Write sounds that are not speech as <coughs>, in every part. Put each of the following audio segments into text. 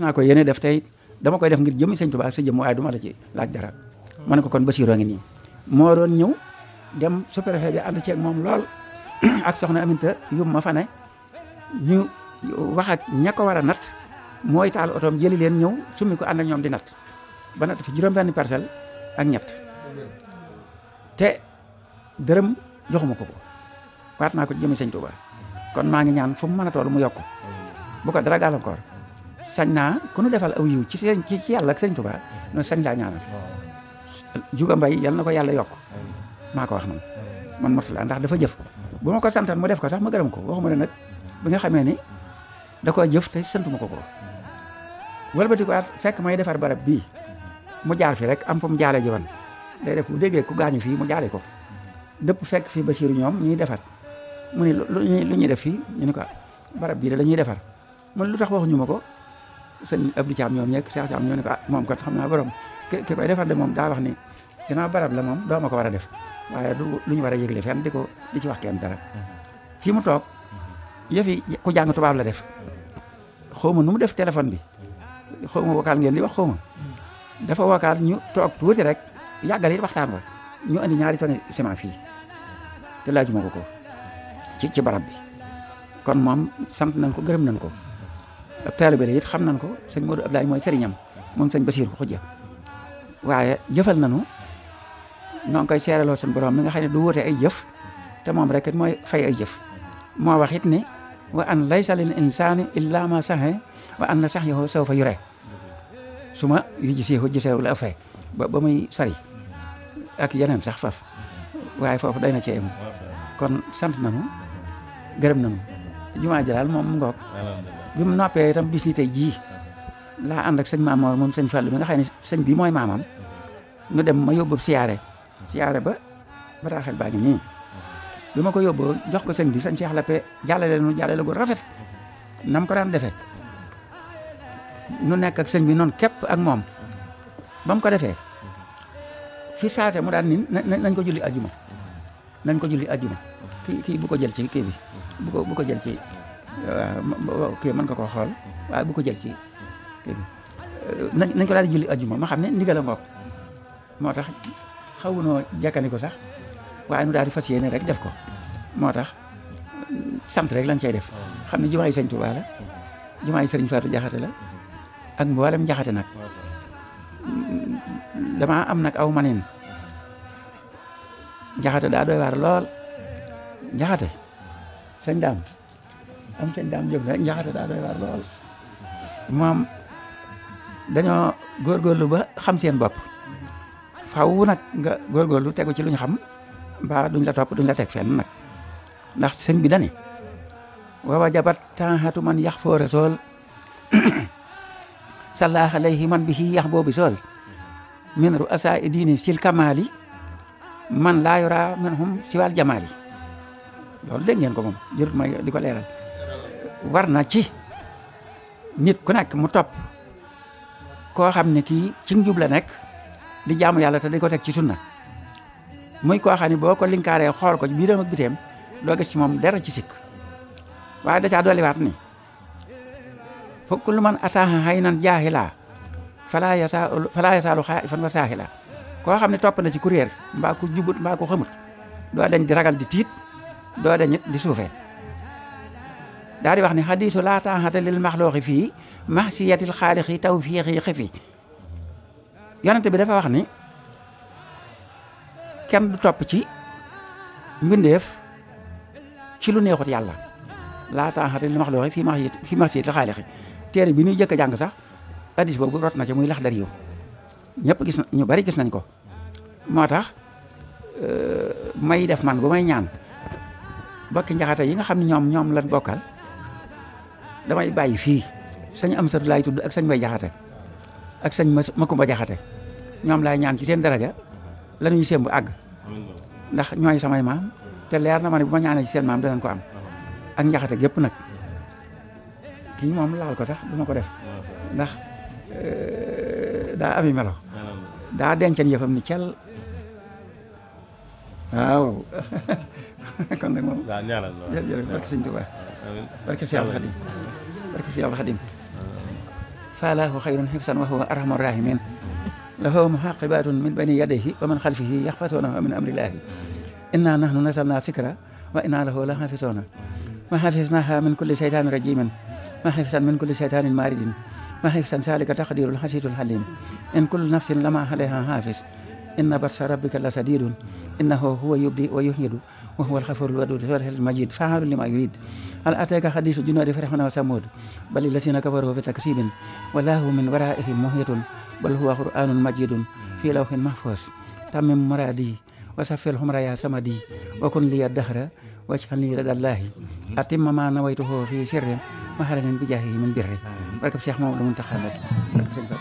dinaa ya ko yene def tay dama koy ya def ngir jëmmi sëñ touba sa jëmm waaye du la ci laaj dara ma ko kon Basiru ngi ni mo doon ñew dem wahak préfet bi and ci ak mom lool ak soxna Aminta yum ma fa eh. ne ñu wax ak ñako wara nat moy taal otoom jeli len ñew sumi ko and ak ñom di nat ba nat fi juroom ben parcel ak ñet te dërëm joxuma ko ko waat ko jëmmi sëñ touba kon ma ngi ñaan fu mu mën mu bu ko dara encore sañ naa ku nu defal aw yiw ci seen ci ci yalla ak sëñ Tuubaa no sañ la ñaanal juga mbay yalla nako yalla yok mako maa wax man man Mourtalla ndax dafa jëf buma ko santan mu def ko sax ma gërëm ko waxuma ne nak bi nga xamé ni da ko jëf te santuma ko ko walbati ko fek may defar barab bi mu jaar fi rek am fu mu jaale ji day def bu déggee ku gañu fi mu jaale ko depp fek fi Basiiru ñom ñi defar mu ne lu ñi def fi ñu ko barab bi da la ñuy defar man lutax waxu ñuma ko sëñ Abdou Thiam ñoom ñekk Cheikh Thiam ñoo ne ah, moom kat xam naa borom ki koy defal de moom daa wax ni ginnaaw barab la moom dooma ko war a def waaye du lu ñu war a yëgle fenn di ko di ci wax kenn dara mhm. fii mu toog yëfi ku jàng tubaab la def xaw ma nu mu def téléphone bi xaw ma vocal ngeen di wax xaw ma mhm. dafa vocal ñu toog tuuti rek yàggal it waxtaan wa ñu andi ñaari tonni ciment fii te laajuma ko ko ci ci barab bi kon moom sant nañ ko gërëm nañ ko ab taalibe la xam nañ ko sëñ Modou Abdoulaye mooy sëriñam moom sañ sëñ Basiiru xujja waaye jëfal nañu noo ngi koy seeraloo suñu borom mi nga xam ne du wóote ay jëf te moom rek mooy fay ay jëf moo wax it ni wa an laysa lil insaani ma saxe wa na sax yow saw fa yure su ma yu gisee gisee la fay ba ba muy sari ak yeneen sax waaye foofu day na cee kon sant nañu gërëm nañu jumaa ji moom ngoog bi mu noppee itam bis yi tey jii laa ànd ak sëñ Maamoor moom sëñ Fallu bi nga xam ne sëñ bi mooy maamam nu dem ma yóbbu siyaare siyaare ba bataaxel baa ngi nii bi ma ko yóbboo jox ko sëñ bi sëñ Cheikh Lappé jàllale nu jàllale gu rafet nam ko daan defee nu nekk ak sëñ bi noonu képp ak moom ba mu ko defee fi saase mu daan ni nañ ko julli ajjuma nañ ko julli ajjuma kii kii bu ko jël ci kii bi bu ko bu ko jël ci Euh, kii man ko koo xool waaye bu ko jël ci kii bi euh, nañ nañ ko daal di jëli ajjuma ma xam ne ndigal a ngoog moo tax xawu noo jàkkandi ko sax waaye nu daal di fas yéene rek def ko moo tax euh, sant rek lañ cay def xam ne jumaa yi sëñ Tuubaa jumaa yi sëriñ Faatu Jaxate la ak mboolem njaxate nag mm, damaa am nag aw manin Jaxate daa doy waar lool njaxate sëñ daam am sëñ daam jóg rek njaxate daa moom dañoo góorgóorlu ba xam seen bopp faw nag nga góorgóorlu tegu ci lu ñu xam mbaa duñ la topp duñ la teg fenn nag ndax sëñ bi dani wawa jabat tanxatu man yax foore sool <coughs> salaax alayhi man bi xii yax boobi sool min ru asa i diini sil kamaali man laa yoraa min hum siwal jamaali loolu dégg ngeen ko moom jërut ma di ko leeral war na ci nit ku nekk mu topp koo xam ne kii ci njub la nekk di jaamu yàlla te di ko teg ci sunna muy koo xam ne boo ko linkaaree xool ko biiram ak biteem doo gis ci moom dara ci sikk waaye da caa dolliwaat ni fa kullu man ataaha haynan jaahila fala yasaalu fala yasaalu xaa'ifan wa saahila koo xam ne topp na ci courier mbaa ku jubut mbaa ku xamut doo dañ di ragal di tiit doo dañ di suufee daa di wax ne xadiisu laa max lil maxlooxi fii maxsiyatil xaalixi tawfiixi xifi yonent bi dafa wax ni kenn du topp ci mbindeef ci lu neexut yàlla laa taaxata lil maxlooxi fii maxsi fii maxsiyatil xaalixi téere bi ñuy jëkk a jàng sax hadiis boobu rot na ci muy lax dar yiw ñëpp gis ñu bari gis nañ ko moo tax euh, may def man bu may ñaan bokki njaxata yi nga xam ne ñoom ñoom lan bokkal damay bàyyi fii sañ am satu laay tudd ak sañ bay jaxate ak sañ makumba jaxate ñoom laay ñaan ci seen daraja la ñuy semb àgg ndax ñooy samay maam te leer na ma ne bu ma ñaanee ci seen maam danañ ko am ak njaxate gépp nag kii moom laal ko sax duma ko def ndax euh, daa ami melo daa denceen yëfam ni cel waaw <laughs> kon nag moom jërëjëf barke Sëñ Tuubaa بارك في عبد الخديم بارك في عبد الخديم فله خير حفظا وهو أرحم الراحمين له محاقبات من بين يديه ومن خلفه يحفظونه من أمر الله إنا نحن نزلنا ذكرا وإنا له لحافظون ما حفظناها من كل شيطان رجيم ما حفظا من كل شيطان مارد ما حفظا ذلك تقدير الحسيد الحليم إن كل نفس لما عليها حافظ إن بس ربك لشديد إنه هو يبدئ ويهيد وهو الغفور الودود المجيد فعال لما يريد هل أتاك حديث جنود فرعون وثمود بل الذين كفروا في تكذيب والله من ورائهم محيط بل هو قرآن مجيد في لوح محفوظ تمم مرادي وسفر الحمر يا سمدي وكن لي الدهر واشحن لي رضا الله أتم ما نويته في سر وهرن بجاهه من بره بركب شيخ مولى منتخبك بركب شيخ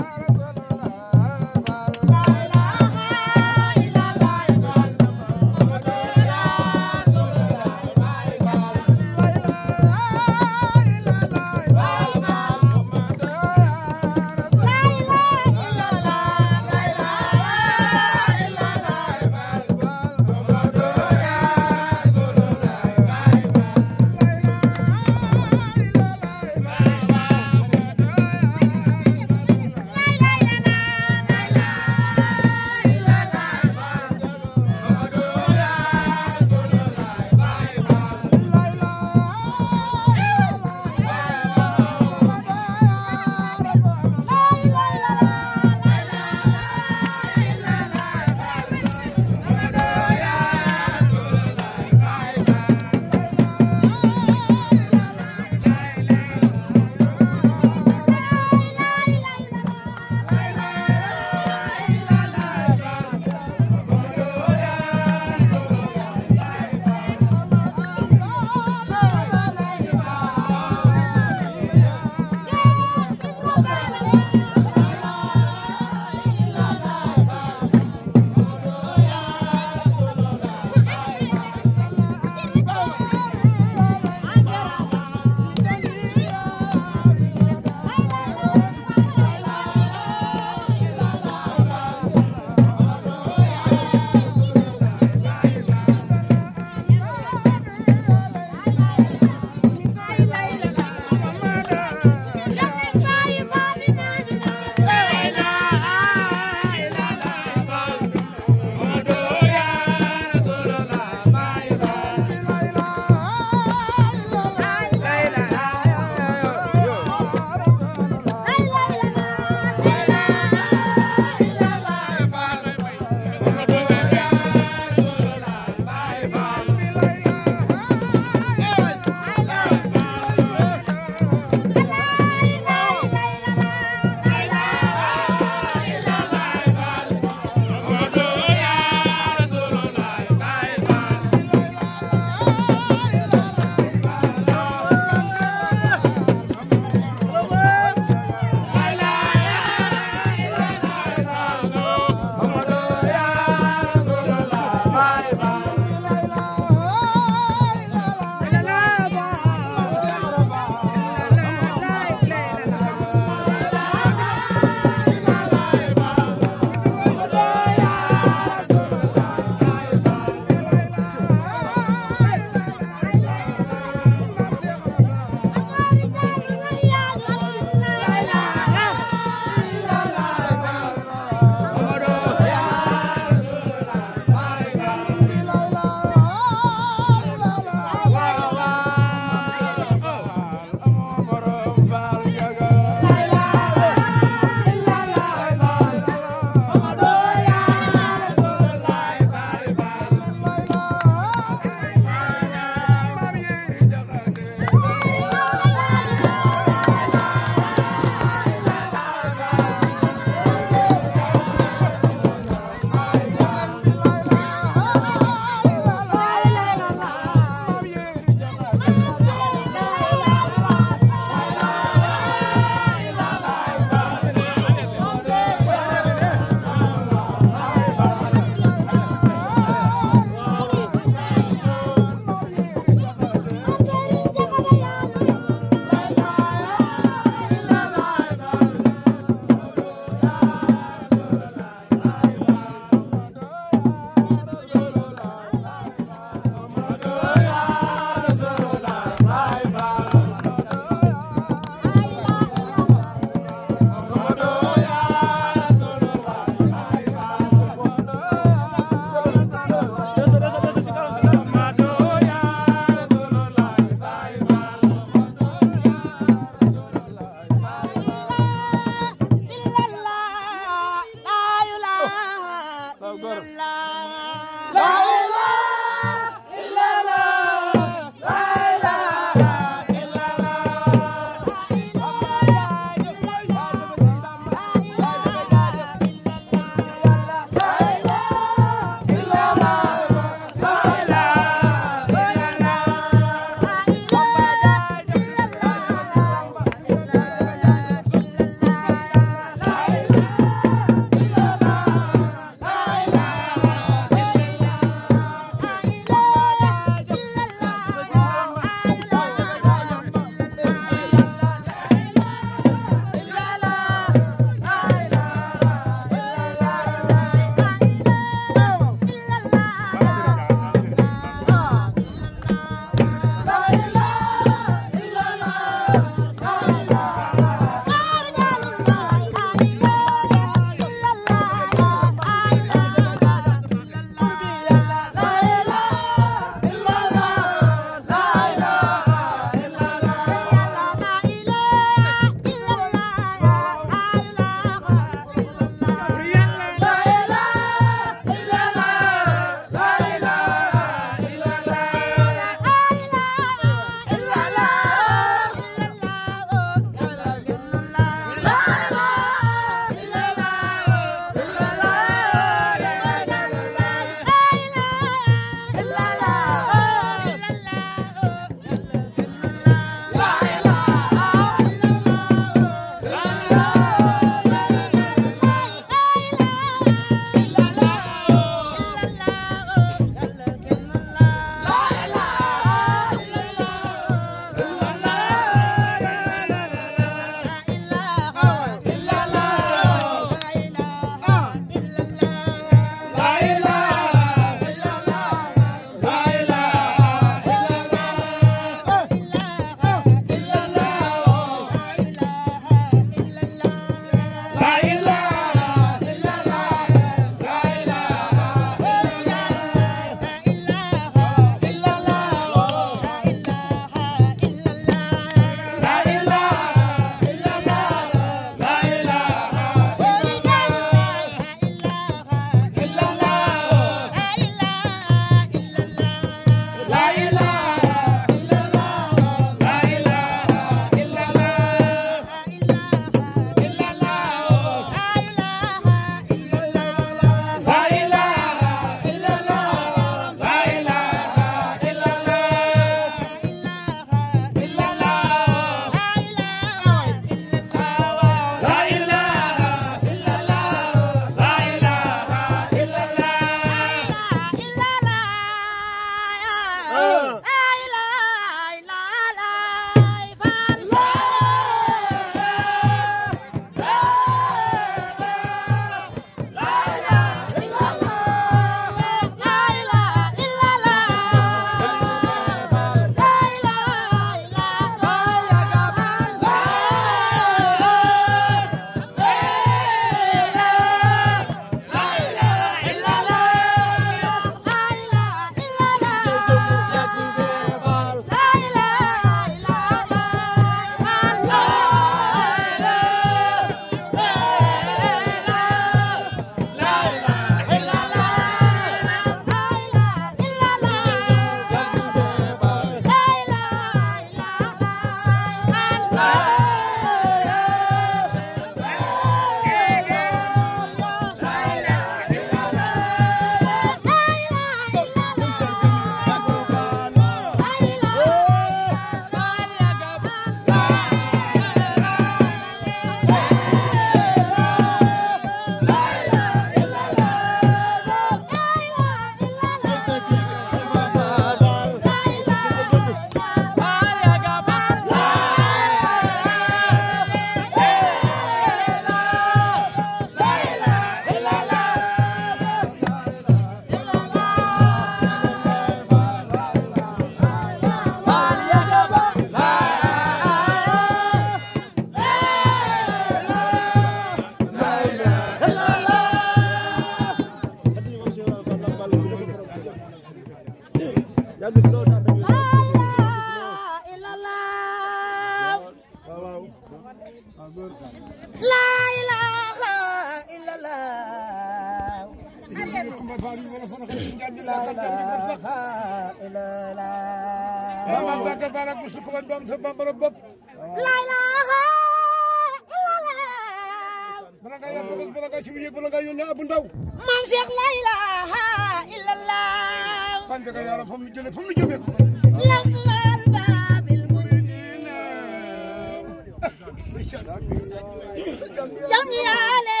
jam yaale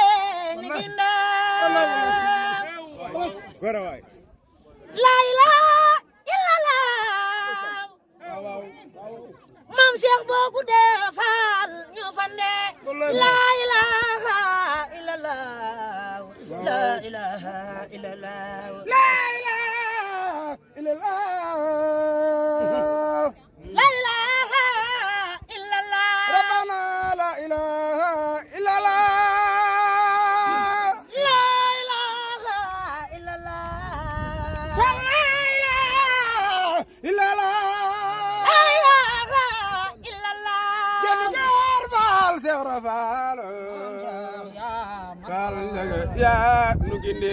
ni ginda laa ilaa illallah maam Cheikh boo guddee faal ñu fande laa ilaaha illallah laa ilaaha illallah laa ilaaha illallah kal ya nu gindi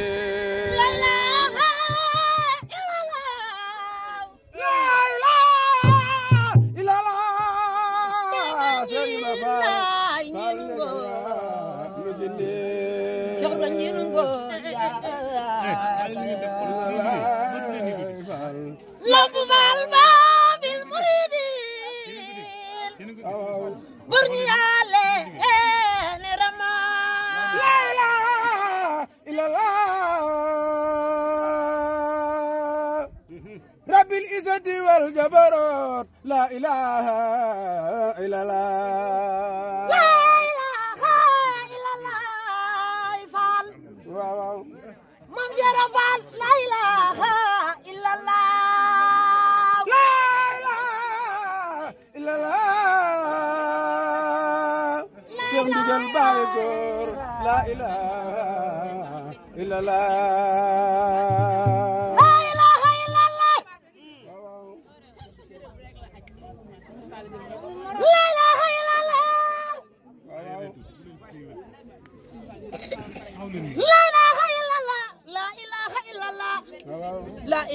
الجد والجبروت لا إله إلا الله لا إله إلا الله فال من فال لا إله إلا الله لا إله إلا الله سيغني قلبي لا إله إلا الله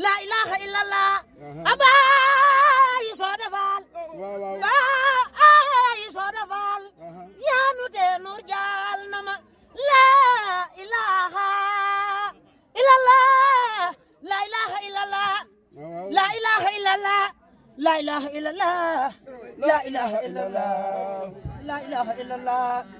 لا إله إلا الله أبا يسود فال لا يسود فال يا نودي جال نما لا إله إلا الله لا إله إلا الله لا إله إلا الله لا إله إلا الله لا إله إلا الله لا إله إلا الله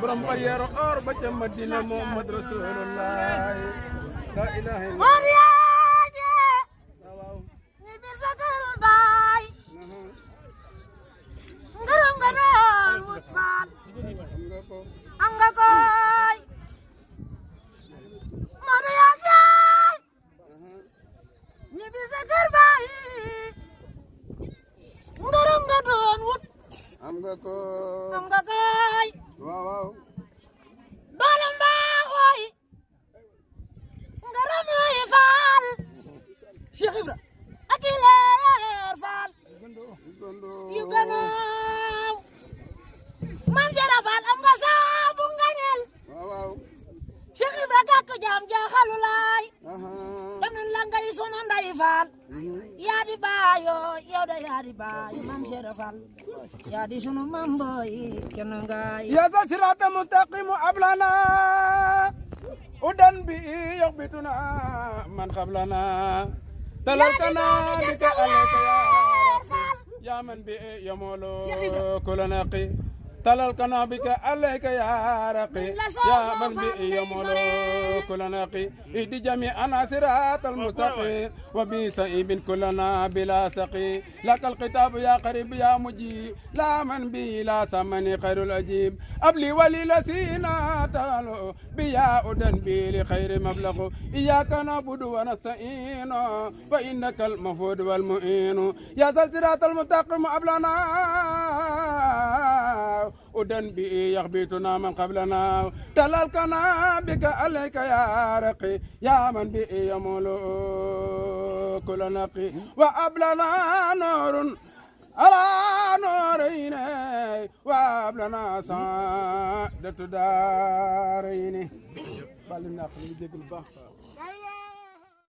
borom barrière or ba ca Madina Muhammad Rasulullah la ilaha illa ah, waaw ni bir sa uh-huh. kër baay ngërëm nga doon wut faal am nga koy Modou yaa jaay ni bir sa kër baay ngërëm nga doon wut am nga ko am nga koy waaw waaw di sunu maam booy kenn ngay udan bi yoxbituna man xablana talaltana bika alayka yaa man bi yamolo kulana qi تلال كنابك بك عليك يا رقي يا من بي ملوك ناقي إدي انا صراط المستقيم وبي سئب كلنا بلا سقي لك الكتاب يا قريب يا مجيب لا من بي لا ثمن خير العجيب أبلي ولي لسينا تعالوا بيا أدن بي لخير مبلغ إياك نعبد ونستعين فإنك المفود والمؤين يا ذا المستقيم أبلنا أدن بي يغبيتنا من قبلنا تلالكنا بك عليك يا رقي يا من بي يمول كل نقي وأبلنا نور على نورين وابلنا سعادة دارين بالنا خلي ديك البحر